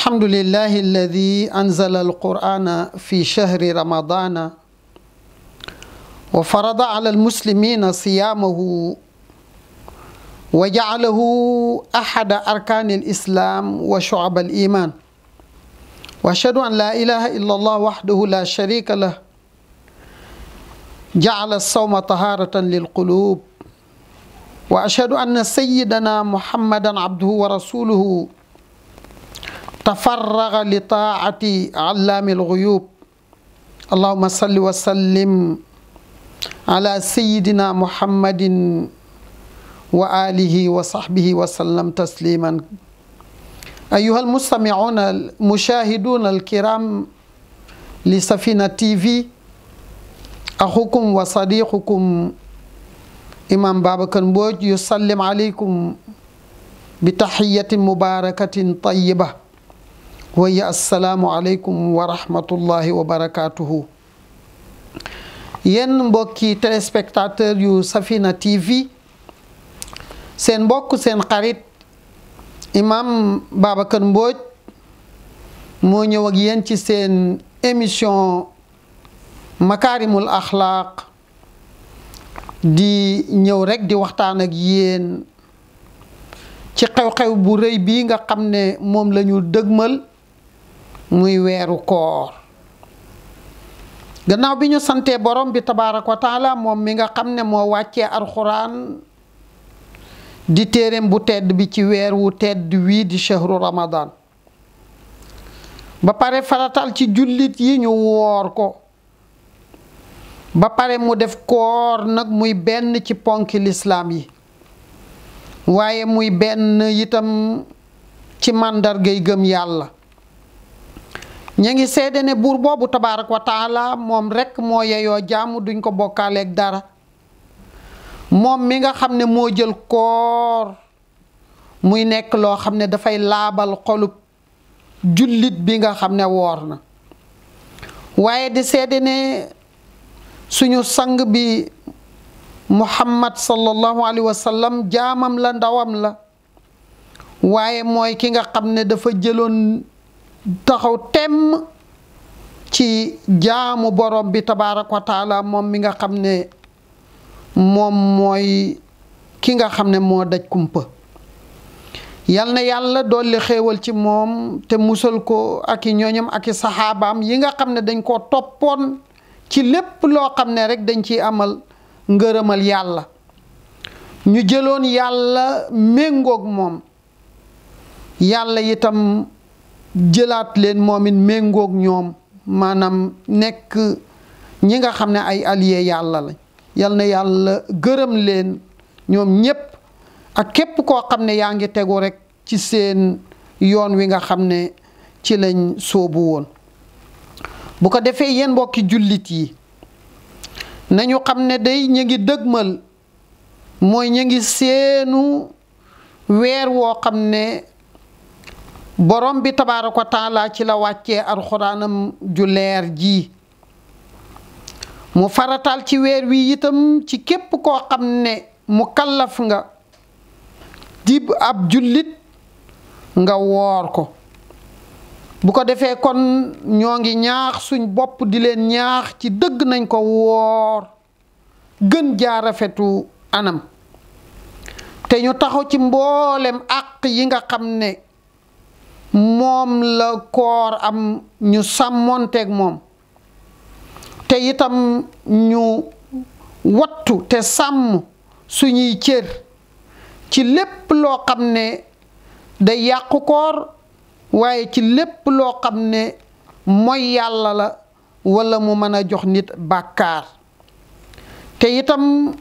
الحمد لله الذي أنزل القرآن في شهر رمضان وفرض على المسلمين صيامه وجعله أحد أركان الإسلام وشعب الإيمان وأشهد أن لا إله إلا الله وحده لا شريك له جعل الصوم طهارة للقلوب وأشهد أن سيدنا محمدا عبده ورسوله تفرغ لطاعة علام الغيوب اللهم صل وسلم على سيدنا محمد وآله وصحبه وسلم تسليما أيها المستمعون المشاهدون الكرام لسفينة تي في أخوكم وصديقكم إمام بابا كنبوج يسلم عليكم بتحية مباركة طيبة وهي assalaamu aleykum wa rahmatullahi wa barakatuhu yéen mbokki téléspectateur yu Safina TV seen mbokk seen xarit imam Babacar Mbodj moo ñëw ak yéen ci seen émission makaarimul axlaaq di ñëw rekk di waxtaan ak yéen ci xew-xew bu rëy bii nga xam ne moom la ñu muy wéru koor gannaaw bi ñu borom bi wa ta'ala moom mi nga xam ne moo wàccee di téeréem bu tedd bi ci weer wu tedd wii di shahru ramadan ba pare faratal ci jullit yi ñu woor ko ba pare mu def koor nag muy benn ci ponki lislaam yi waaye muy benn itam ci màndargay gëm yàlla ñi ngi seede ne bobu tabarak wa taala mom rek mo yeyo jaamu duñ ko ak dara mom mi nga xamné ne jël koor muy nek lo xamné ne fay laabal xolub julit bi nga xamné ne woor na di seede ne suñu sang bi muhammad sallallahu alaihi wasallam jamam jaamam la ndawam la waaye moy ki nga xamné ne fa jëlone taxaw temm ci jaamu borom bi tabaaraka wa taala moom mi nga xam ne moom mooy ki nga xam ne moo daj kumpa yal na yàlla dolli xéewal ci moom te musal ko ak i ñooñam ak i saxaabaam yi nga xam ne dañ koo toppoon ci lépp loo xam ne rek dañ ciy amal ngërëmal yàlla ñu jëloon yàlla méngoog moom yàlla itam jëlaat leen moom it méngoog ñoom maanaam nekk ñi nga xam ne ay alliés yàlla la yal na yàlla gërëm leen ñoom ñépp ak képp koo xam ne yaa ngi tegu rek ci seen yoon wi nga xam ne ci lañ soobu woon bu ko defee yéen mbokki jullit yi nañu xam ne day ñu ngi dëgmal mooy ñu ngi seenu weer woo xam ne borom bi ko taala ci la wàcce alxuraanam ju leer ji mu faratal ci weer wi itam ci képp koo xam ne mu kallaf nga dib ab jullit nga woor ko bu ko defee kon ñoo ngi ñaax suñ bopp di leen ñaax ci dëgg nañ ko woor gën jaa rafetu anam te ñu taxaw ci mboolem àq yi nga xam ne moom la koor am ñu sàmmoonteeg moom te itam ñu wattu te sàmm suñuy cër ci lépp loo xam ne day yàqu koor waaye ci lépp loo xam ne mooy yàlla la wala mu mën a jox nit bàkkaar te itam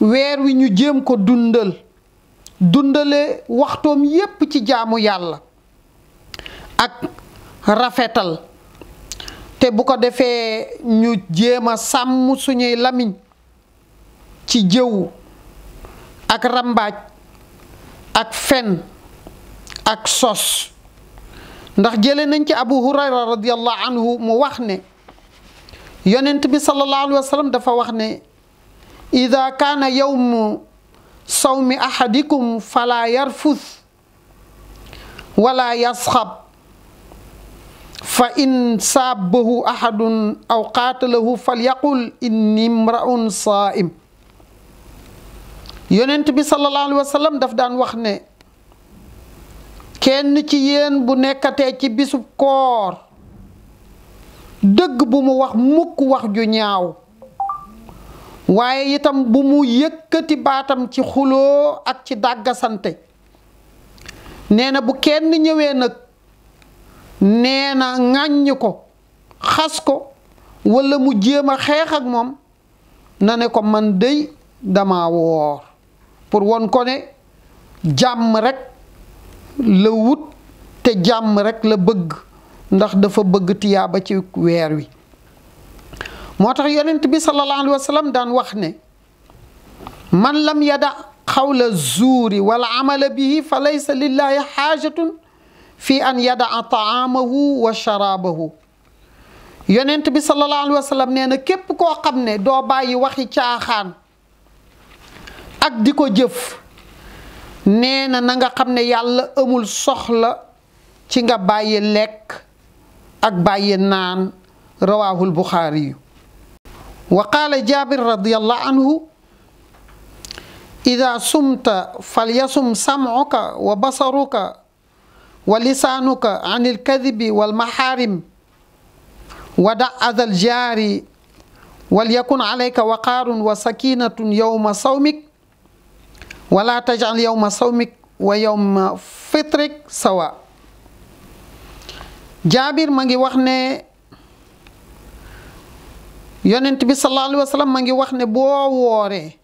weer wi ñu jéem ko dundal dundale waxtoom yépp ci jaamu yàlla ak rafetal te bu ko defee ñu jéema sam suñuy lamiñ ci jëw ak rambaaj ak fen ak sos ndax jëlé nañ ci abu hurayra radiyallahu anhu mu wax né yonent bi sallallahu alayhi wasallam dafa wax né idha kana yawm sawmi ahadikum fala yarfuth wala yaskhab fa in sabahu ahadun aw qatalahu falyaqul inni imra'un sa'im yonent bi sallallahu alaihi wa daf dan wax ne kenn ci yeen bu nekkatee ci bisub koor deug bu mu wax mukk wax ju ñaaw waye itam bu mu yekkati batam ci xulo ak ci dagga sante neena bu kenn ñewé nak nee na ŋàññ ko xas ko wala mu jéem a xeex ak moom na ne ko man dey dama woor pour won ko ne jàmm rek la wut te jàmm rek la bëgg ndax dafa bëgg tiyaba ci wër wi motax yonent bi sallallahu alayhi wasallam dan wax ne man lam yada khawla zuri wal amala bihi falaysa lillahi hajatun في أن يدع طعامه وشرابه يننت بي صلى الله عليه وسلم نينا كيب كو خامني دو باي وخي تياخان اك ديكو جيف نينا نغا خامني يالا امول سخلا تي nga باي ليك اك باي نان رواه البخاري وقال جابر رضي الله عنه إذا سمت فليصم سمعك وبصرك ولسانك عن الكذب والمحارم ودع أذى الجار وليكن عليك وقار وسكينة يوم صومك ولا تجعل يوم صومك ويوم فطرك سواء جابر مانغي واخني يونت بي صلى الله عليه وسلم مانغي واخني بو ووري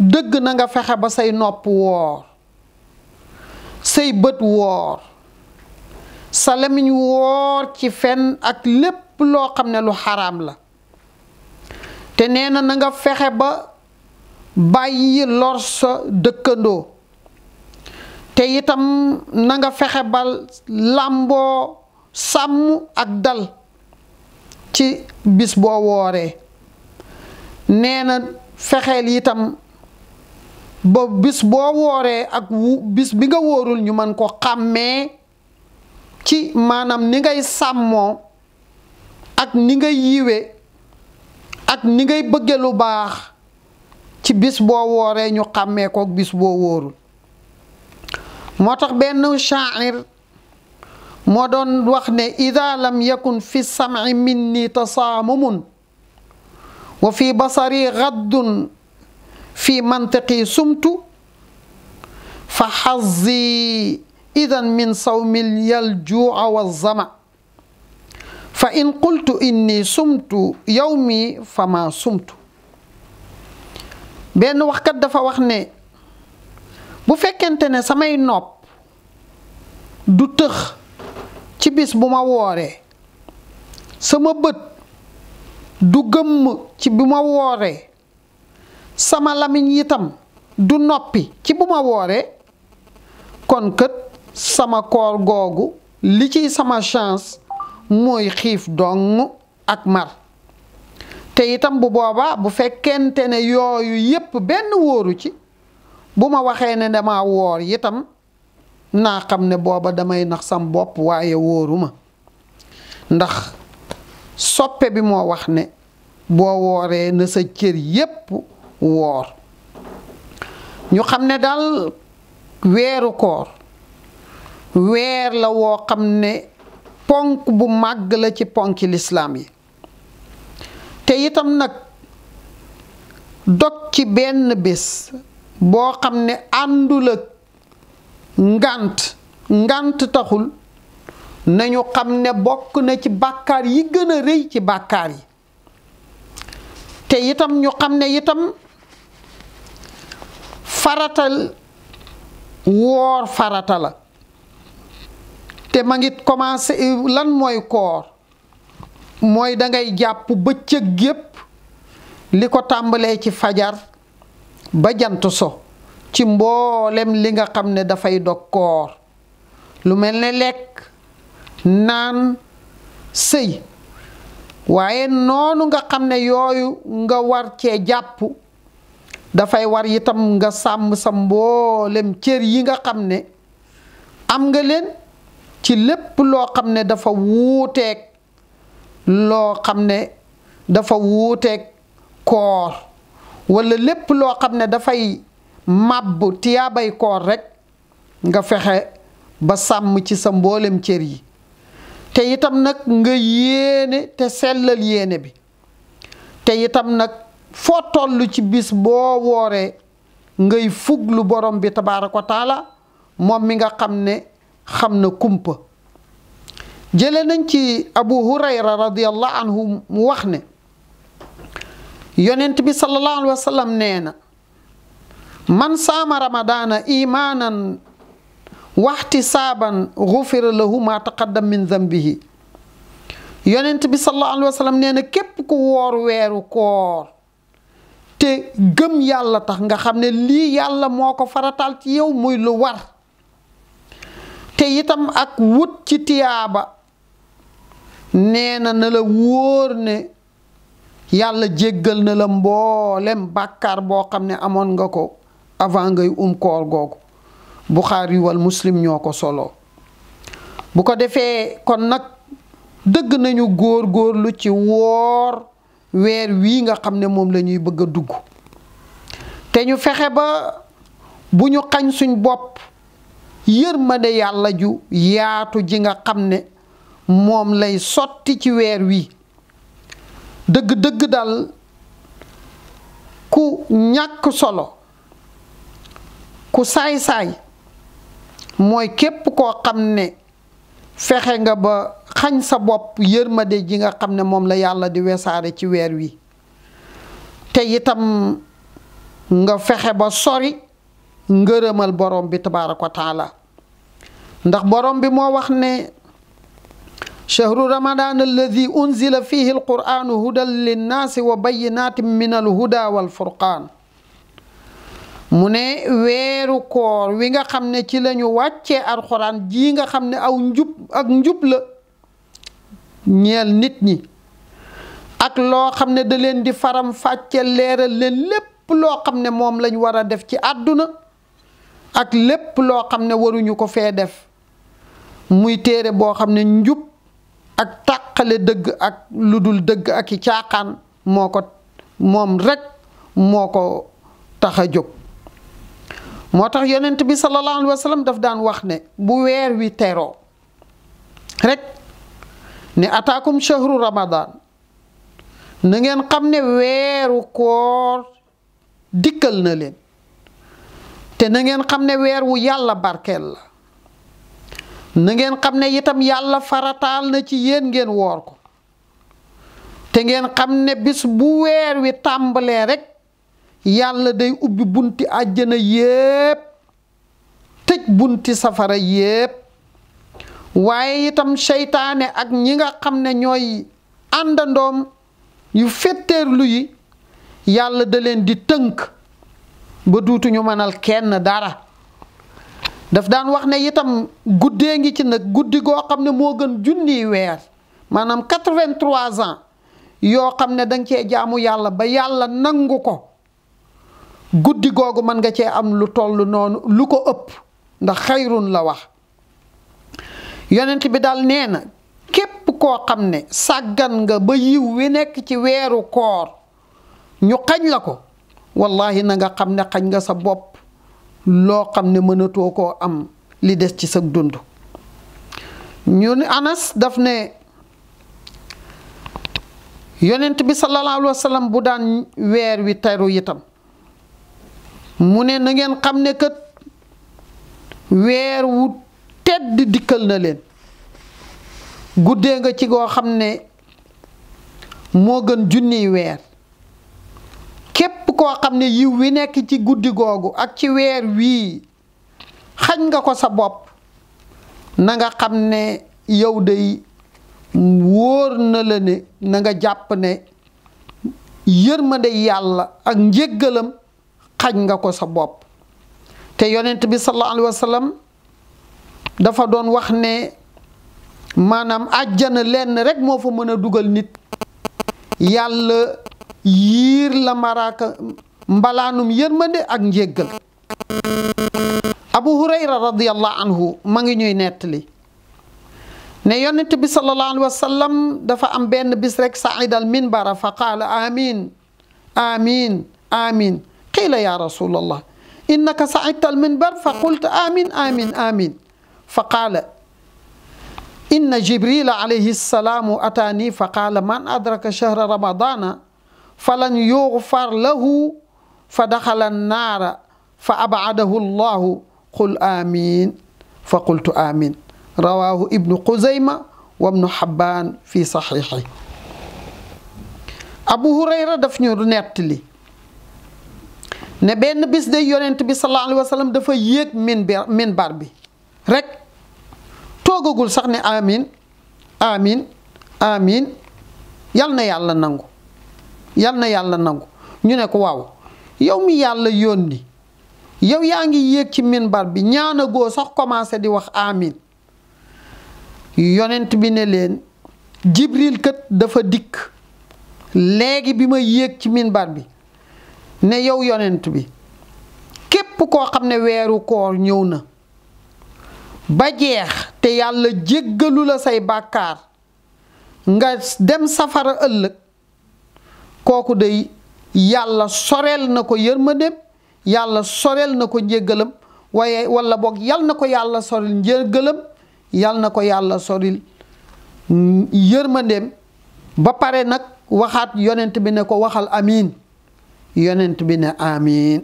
دغ نغا فخه با ساي نوب وور say bët woor sa lamiñ woor ci fenn ak lépp loo xam ne lu xaraam la te nee na nga fexe ba bàyyi lor sa dëkkandoo te itam na nga fexe ba làmboo sàmm ak dal ci bis boo wooree nee na fexeel itam ba bis boo wooree ak bis bi nga woorul ñu mën ko xàmmee ci maanaam ni ngay sàmmoo ak ni ngay yiwe ak ni ngay bëgge lu baax ci bis boo wooree ñu xàmmee ko bis boo wóorul moo tax benn shaacir moo doon wax ne ida lam yakun fi samci minni tasaamumun wa fi basari gaddun في منطقي صمت فحظي اذا من صوم الجوع والظما فان قلت اني سمت يومي فما سمت بين وقت دفا وخني بو أنت نسمي نوب du teux ci bis buma woré sama beut du sama lamiñ yitam du noppi ci bu ma wooree kon kët sama koor googu li ciy sama chance mooy xiif donn ak mar te itam bu booba bu fekkente ne yooyu yépp benn wóoru ci bu ma waxee ne dama woor itam naa xam ne booba damay nax sam bopp waaye wóoruma ndax soppe bi moo wax ne boo wooree na sa cër yépp woor ñu xam ne daal weeru koor weer la woo xam ne ponk bu màgg la ci ponki lislaam yi te itam nag dog ci benn bés boo xam ne àndul ak ngànt ngànt taxul nañu xam ne bokk na ci bàkkaar yi gën a rëy ci bàkkaar yi te itam ñu xam ne itam faratal woor farata la te ma ngi commencé lan mooy koor mooy da ngay jàpp bëccëg yépp li ko tàmbalee ci fajar ba jant so ci mboolem li nga xam ne dafay dog koor lu mel ni lekk naan sëy waaye noonu nga xam ne yooyu nga war cee jàpp dafay war itam nga sàmm sa mboolem cër yi nga xam ne am nga leen ci lépp loo xam ne dafa wuuteeg loo xam ne dafa wuuteeg koor walla lépp loo xam ne dafay màbb tiyaabay koor rekk nga fexe ba sàmm ci sa mboolem cër yi te itam nag nga yéene te selal yéene bi te itam nag foo toll ci bis boo wooree ngay fuglu borom bi tabaaraka wa taala moom mi nga xam ne xam na kumpa jële nañ ci abu hurayra radiyallahu anhu wax ne yonent bi sallallahu alayhi wa nee na man saama ramadaana imaanan waxti saaban gufira lahu ma taqaddam min dambihi yonent bi sallallahu alayhi wa nee na képp ku woor weeru koor te gëm yàlla tax nga xam ne lii yàlla moo ko faratal ci yow muy lu war te itam ak wut ci tiyaaba nee na na la wóor ne yàlla jéggal na la mboolem bàkkaar boo xam ne amoon nga ko avant ngay um koor googu Buxaari wal muslim ñoo ko solo bu ko defee kon nag dëgg nañu góor góorlu ci woor weer wii nga xam ne moom lañuy bëgg a dugg te ñu fexe ba bu ñu xañ suñ bopp yërmande yàlla ju yaatu ji nga xam ne moom lay sotti ci weer wi dëgg-dëgg dal ku ñàkk solo ku saay-saay mooy képp koo xam ne fexe nga ba xagn sa bop yermade ji nga xamné mom la yàlla di wessare ci wèr wi te itam nga fexe ba sori ngeureumal borom bi tabaaraka taala ndax borom bi mo wax ne شهر رمضان الذي أنزل فيه القرآن هدى للناس وبينات من الهدى والفرقان mu ne weeru koor wi nga xam ne ci lañu wàccee alxuraan jii nga xam ne aw njub ak njub la ñeel nit ñi ak loo xam ne da leen di faram fàcce leeral leen lépp loo xam ne moom lañ war a def ci àdduna ak lépp loo xam ne waruñu ko fee def muy téere boo xam ne njub ak tàqale dëgg ak lu dul dëgg ak i caaxaan moo ko moom rekk moo ko tax a jóg moo tax yonent bi sallallahu alayhi daf daan wax ne bu weer wi teroo rek ne ataakum shahru ramadan na ngeen xam ne weeru koor dikkal na leen te na ngeen xam ne weer wu yàlla barkeel la na ngeen xam ne itam yàlla farataal na ci yéen ngeen woor ko te ngeen xam ne bis bu weer wi tàmbalee rek yàlla day ubbi bunti àjjana yépp tëj bunti safara yépp waaye itam seytaane ak ñi nga xam ne ñooy àndandoom yu fetteerlu yi yàlla da leen di tënk ba duutuñu mënal kenn dara daf daan wax ne itam guddee ngi ci nag guddi goo xam ne moo gën junni weer maanaam quatre vingt yoo xam ne danga cee jaamu yàlla ba yàlla nangu ko guddi googu mën nga cee am lu toll noonu lu ko ëpp ndax xayrun la wax yonent bi daal nee na képp koo xam ne sàggan nga ba yiw wi nekk ci weeru koor ñu xañ la ko wallahi na nga xam ne xañ nga sa bopp loo xam ne mënatoo koo am li des ci sag dund ñun Anas daf ne yonent bi sallallahu alayhi bu daan weer wi teru yitam mu ne na ngeen xam ne kat weer wu tedd dikkal na leen guddee nga ci goo xam ne moo gën junniy weer képp koo xam ne yiw wi nekk ci guddi googu ak ci weer wii xañ nga ko sa bopp nanga xam ne yow day wóor na la ne nanga nga jàpp ne yërmande yàlla ak njéggalam xañ nga ko sa bop te yonent bi sallallahu alaihi wa dafa don wax ne manam aljana len rek mo fa meuna duggal nit yalla yir la maraka mbalanum yermande ak njegal abu hurayra radiyallahu anhu mangi ñuy nettali ne yonent bi sallallahu alaihi wasallam dafa am ben bis rek al minbara fa qala amin amin amin قيل يا رسول الله إنك صعدت المنبر فقلت آمين آمين آمين فقال إن جبريل عليه السلام أتاني فقال من أدرك شهر رمضان فلن يغفر له فدخل النار فأبعده الله قل آمين فقلت آمين رواه ابن قزيمة وابن حبان في صحيحه أبو هريرة دفن نتلي ne benn bis day yonent bi sallallahu alayhi wa sallam dafa yéeg minbar minbar bi rekk toogagul sax ne amin amin amin yal na yàlla nangu yal na yàlla nangu ñu ne ko waaw yow mi yàlla yónni yow yaa ngi yéeg ci minbar bi ñaanagoo sax commencé di wax amin yonent bi ne leen jibril kat dafa dikk léegi bi ma yéeg ci minbar bi ne yow yonent bi képp koo xam ne weeru koor ñëw na ba jeex te yàlla jéggalu la say bàkkaar nga dem safara ëllëg kooku dey yàlla soreel na ko yërmandeem yàlla soreel na ko njéggalam waaye walla boog yal na ko yàlla soril njéggalam yal na ko yàlla soril yërmandeem ba pare nag waxaat yonent bi ne ko waxal amiin yonent bi ne amiin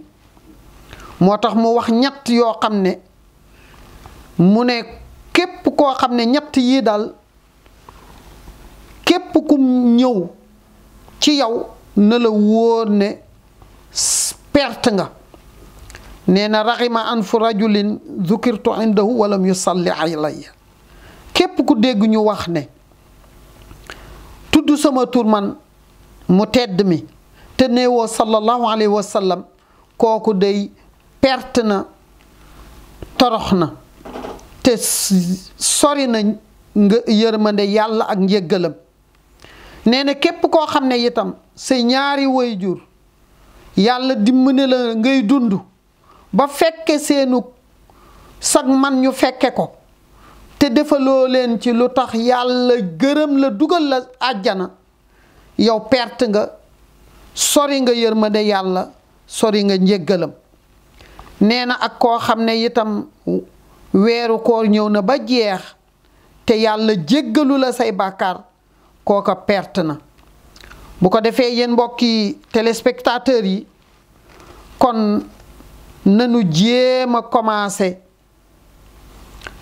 moo tax mu wax ñett yoo xam ne mu ne képp koo xam ne ñett yii daal képp ku ñëw ci yow na la wóor ne perte nga nee na raxima an fu rajulin zukirtu indahu walam yusalli alayya képp ku dégg ñu wax ne tudd sama tur man mu tedd mi te néewoo sallallahu alayhi wa sallam kooku day perte na torox na te sori na nga yërmande yàlla ak njëggalam nee na képp koo xam ne itam sa ñaari wayjur yàlla dimbali la ngay dund ba fekke seenu sag man ñu fekke ko te defaloo leen ci lu tax yàlla gërëm la dugal la àjjana yow perte nga sori nga yërmande yalla sori nga njëggalam neena ak ko xamne itam wéru koor ñewna na ba jeex te yalla jéggalu la say bàkkaar koka perte na bu ko yeen mbokki téléspectateurs yi kon nañu jéem a commencé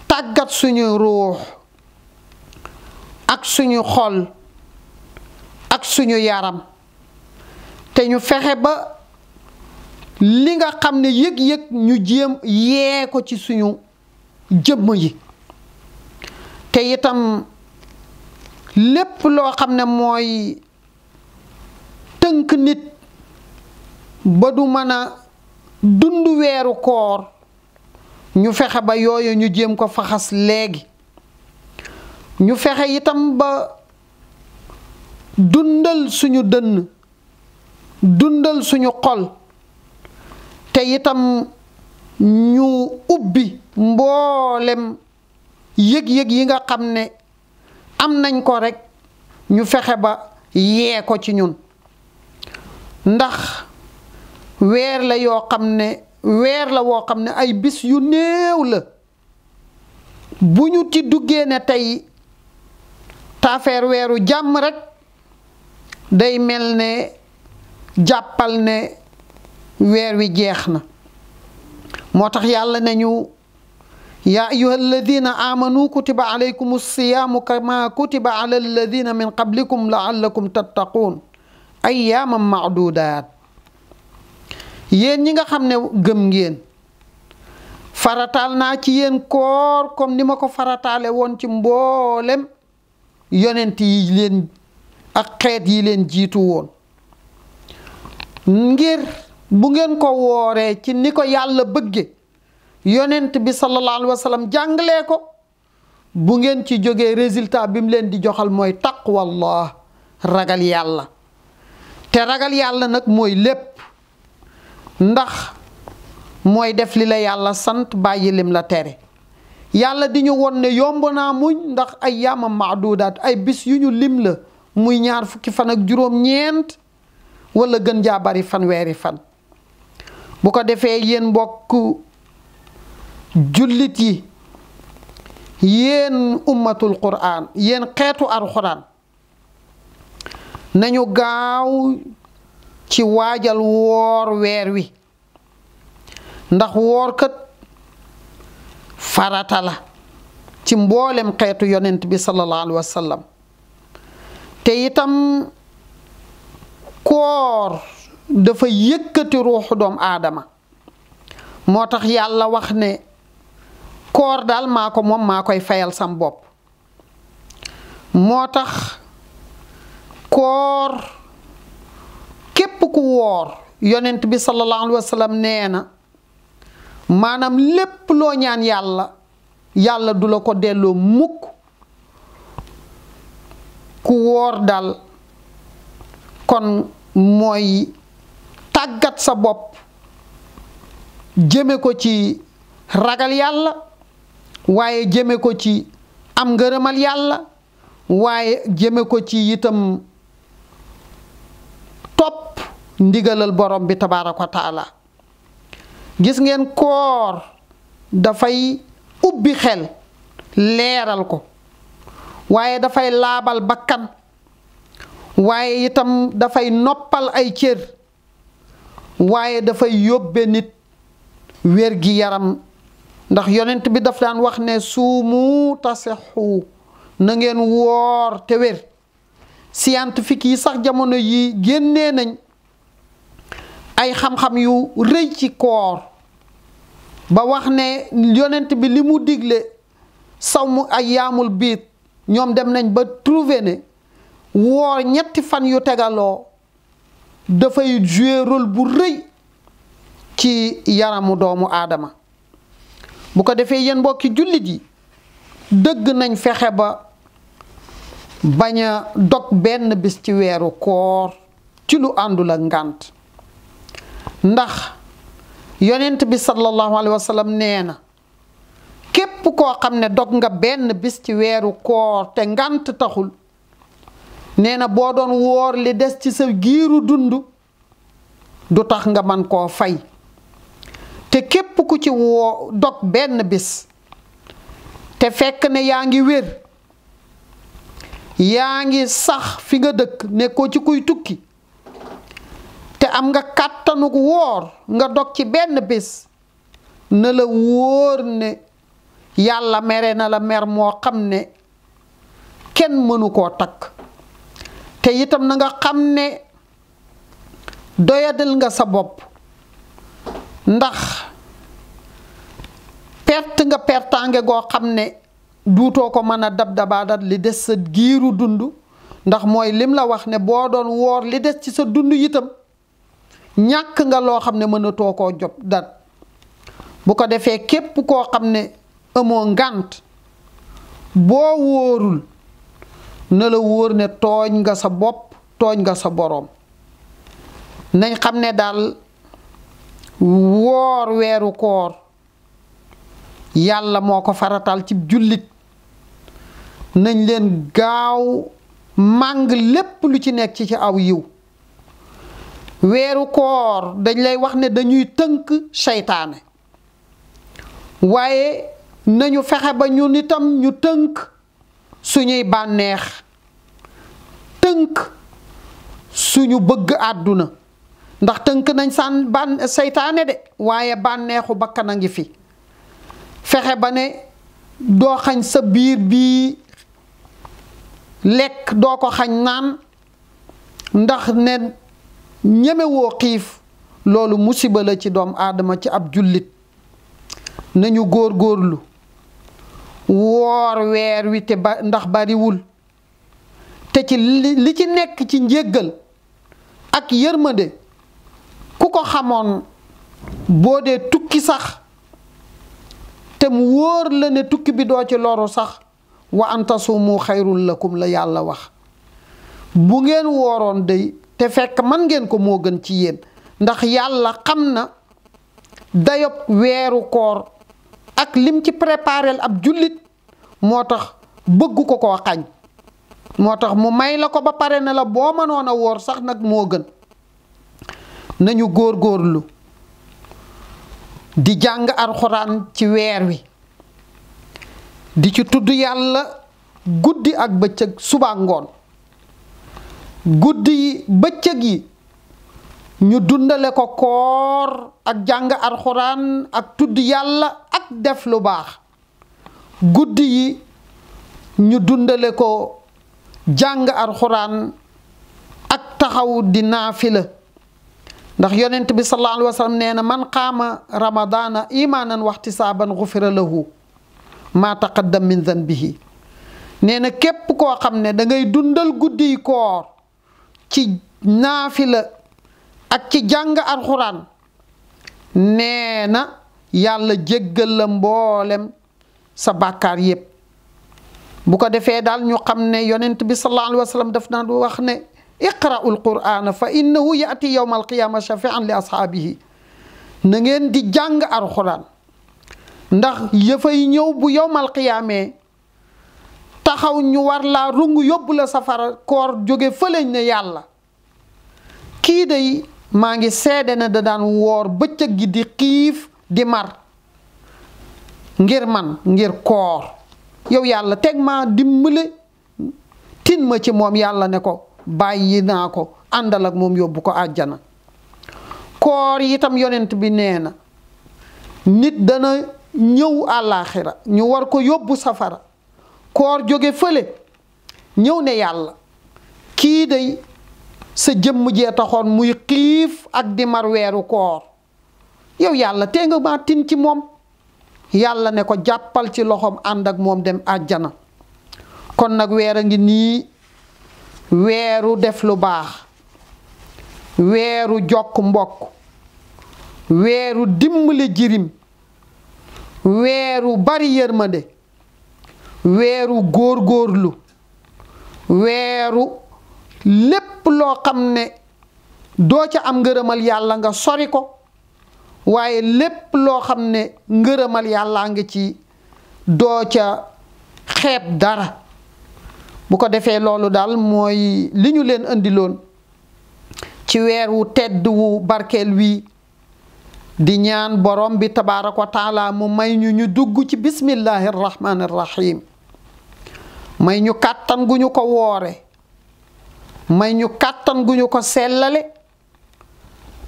tàggat suñu ruh ak suñu xol ak suñu yaram te ñu fexe ba li nga xam ne yëg-yëg ñu jéem yee ko ci suñu jëmm yi te itam lépp loo xam ne mooy tënk nit ba du mën a dund weeru koor ñu fexe ba yooyu ñu jéem ko faxas léegi ñu fexe itam ba dundal suñu dënn dundal suñu xol te itam ñu ubbi mboolem yëg-yëg yi nga xam ne am nañ ko rekk ñu fexe ba yee ko ci ñun ndax weer la yoo xam ne weer la woo xam ne ay bis yu néew la bu ñu ci duggee ne tey taafeer weeru jàmm rekk day mel ne jàppal ne weer wi jeex na moo tax yàlla nañu yaa ayuha alladina amanu kutiba alaykum alsiyaamu kama kutiba ala alladina min qablikum laallakum tattaquun ayaaman maadudaat yéen ñi nga xam ne gëm ngeen farataal naa ci yéen koor comme ni ma ko farataale woon ci mboolem yonent yi leen ak xeet yi leen jiitu woon ngir bu ngeen ko wooree ci ni ko yàlla bëgge yonent bi sallallahu alayhi wa sallam ko bu ngeen ci jógee résultat bi mu leen di joxal mooy taqwallah ragal yàlla te ragal yàlla nag mooy lépp ndax mooy def li la yàlla sant bàyyi lim la tere yàlla di ñu won ne yomb naa muñ ndax ay yaamam maadudaat ay bis yu ñu lim la muy ñaar fukki fan ak juróom ñeent wala gën jaa bari fanweeri fan bu ko defee yéen mbokku jullit yi yéen ummatul quraan yéen xeetu alxuraan nañu gaaw ci waajal woor weer wi ndax woor kat farata la ci mboolem xeetu yonent bi sallallahu alayhi te itam koor dafa yëkkati ruuxu doom aadama moo tax yàlla wax ne koor daal maa ko moom maa koy fayal sam bopp moo tax koor képp ku woor yonent bi sallallahu alayhi wa sallam nee na maanaam lépp loo ñaan yàlla yàlla du la ko delloo mukk ku woor daal kon mooy tàggat sa bopp jëme ko ci ragal yàlla waaye jëme ko ci am ngërëmal yàlla waaye jëme ko ci itam topp ndigalal borom bi tabaaraka wa gis ngeen koor dafay ubbi xel leeral ko waaye dafay laabal bakkan waaye itam dafay noppal ay cër waaye dafay yóbbe nit wér gi yaram ndax yonent bi daf daan wax ne suumu tase na ngeen woor te wér scientifique yi sax jamono yi génnee nañ ay xam-xam yu rëy ci koor ba wax ne yonent bi li mu digle saw mu ay yaamul biit ñoom dem nañ ba trouver ne woor ñetti fan yu tegaloo dafay jouer rôle bu reuy ci yaramu doomu aadama bu ko defee yéen mbokki jullit yi dëgg nañ fexe ba bañ a dog benn bis ci weeru koor ci lu àndul ak ngant ndax yonent bi sallallahu alayhi wasallam sallam nee na képp koo xam ne dog nga benn bis ci weeru koor te ngant taxul nee na boo doon woor li des ci sa giiru dund du tax nga mën koo fay te képp ku ci woo dog benn bis te fekk ne yaa ngi wér yaa ngi sax fi nga dëkk nekkoo ci kuy tukki te am nga kàttanu woor nga dog ci benn bis na la wóor ne yàlla mere na la mer moo xam ne kenn mënu koo takk te itam na nga xam ne doyadal nga sa bopp ndax perte nga pertaange goo xam ne duutoo ko mën a dab dabaadat li des sa giiru dund ndax mooy lim la wax ne boo doon woor li des ci sa dund itam ñàkk nga loo xam ne mënatoo koo job dat bu ko defee képp koo xam ne amoo ngànt boo wóorul na la wóor ne tooñ nga sa bopp tooñ nga sa boroom nañ xam ne daal woor weeru koor yàlla moo ko faratal ci jullit nañ leen gaaw màng lépp lu ci nekk ci ci aw yiw weeru koor dañ lay wax ne dañuy tënk seytaane waaye nañu fexe ba ñun itam ñu tënk suñuy bànneex tënk suñu bëgg àdduna ndax tënk nañ saan ban seytaane de waaye bànneexu bakkan a ngi fi fexe ba ne doo xañ sa biir bii lekk doo ko xañ naan ndax ne ñemewoo xiif loolu musiba la ci doom aadama ci ab jullit nañu góor góorlu woor weer wi te ba ndax bariwul te ci li ci nekk ci njéggal ak yërmande ku ko xamoon boo dee tukki sax te mu wóor la ne tukki bi doo ci loru sax wa an tasumu xayrul lakum la yàlla wax bu ngeen wooroon day te fekk man ngeen ko moo gën ci yéen ndax yàlla xam na dayob weeru koor ak lim ci préparel ab jullit moo tax bëggu ko koo xañ moo tax mu may la ko ba pare ne la boo mënoon a wóor sax nag moo gën nañu góor góorlu di jàng alxuraan ci weer wi di ci tudd yàlla guddi ak bëccëg suba ngoon guddi bëccëg yi ñu dundale ko koor ak jàng alxuraan ak tudd yàlla ak def lu baax guddi yi ñu dundale ko jàng alxuraan ak taxaw di naafila ndax yonent bi sallallahu alayhi wasalam, sallam nee na man qaama ramadaana imaanan waxtisaaban gufira lahu maa taqaddam min zanbihi nee na képp koo xam ne da ngay dundal guddi koor ci ak ci jàng alxuraan nee na yàlla jéggal la mboolem sa bàkkaar yépp bu ko defee daal ñu xam ne yonent bi sallallahu alayhi wa wax ne iqra'ul qur'ana fa innahu ya'ti yawma alqiyama shafi'an ashaabihi na di jàng alxuraan ndax yëfay ñëw bu yowmal qiyaamee taxaw ñu war laa rungu yóbbu la safara koor jóge fëleñ ne yàlla kii day maa ngi seede ne da daan woor bëccëg gi di xiif di mar ngir man ngir koor yow yàlla teg maa dimbale tin ma ci moom yàlla ne ko bàyyi naa ko àndal ak moom yóbbu ko àjjana koor yitam yonent bi nee na nit dana ñëw àllaaxira ñu war ko yóbbu safara koor jóge fële ñëw ne yàlla kii day sa jëmm jee taxoon muy xiif ak di weeru koor yow yàlla tee nga maa tin ci moom yàlla ne ko jàppal ci loxoom ànd ak moom dem àjjana kon nag weer a ngi nii weeru def lu baax weeru jokk mbokk weeru dimbali jirim weeru bari yërmande weeru góorgóorlu weeru lépp loo xam ne doo ca am ngërëmal yàlla nga sori ko waaye lépp loo xam ne ngërëmal yàllaa ngi ci doo ca xeeb dara bu ko defee loolu daal mooy li ñu leen indiloon ci weer wu tedd wu barkeel wii di ñaan borom bi tabaaraka wa taala mu may ñu ñu dugg ci bismillahi rahmaani rahim may ñu kàttan gu ñu ko woore may ñu kàttan gu ko sellale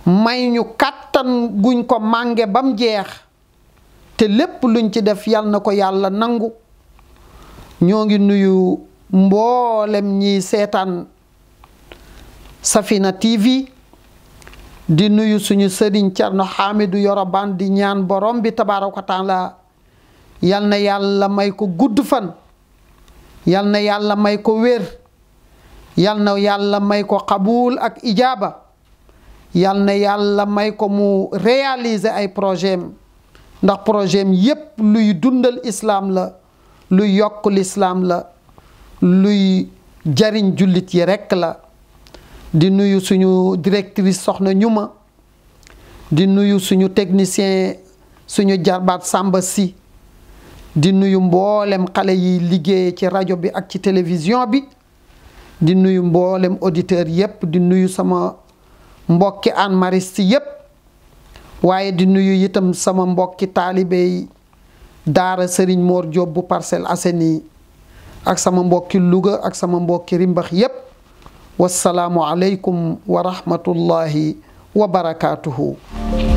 may ñu kàttan guñ ko mànge bam jeex te lépp luñ ci def yal na ko yàlla nangu ñoo ngi nuyu mboolem ñi seetaan Safina TV di nuyu suñu sëriñ Cerno Xaamidu Yoroban di ñaan borom bi tabaaraka taala yal na yàlla may ko gudd fan yal na yàlla may ko wér yal na yàlla may ko xabul ak ijaaba yal na yàlla may ko mu réaliser ay projet ndax projet am yépp luy dundal islaam la luy yokk lislaam la luy jariñ jullit yi rekk la di nuyu suñu directrice soxna ñuma di nuyu suñu technicien suñu jarbaat sàmba si di nuyu mboolem xale yi liggéey ci rajo bi ak ci télévision bi di nuyu mboolem auditeur yépp di nuyu sama mbokki Hann Mariste yépp waaye di nuyu itam sama mbokki taalibe daara Serigne Mor Diop bu Parcelles Assainies ak sama mbokki Louga ak sama mbokki Rimbax yépp wasalaamu aleykum wa rahmatullahi wa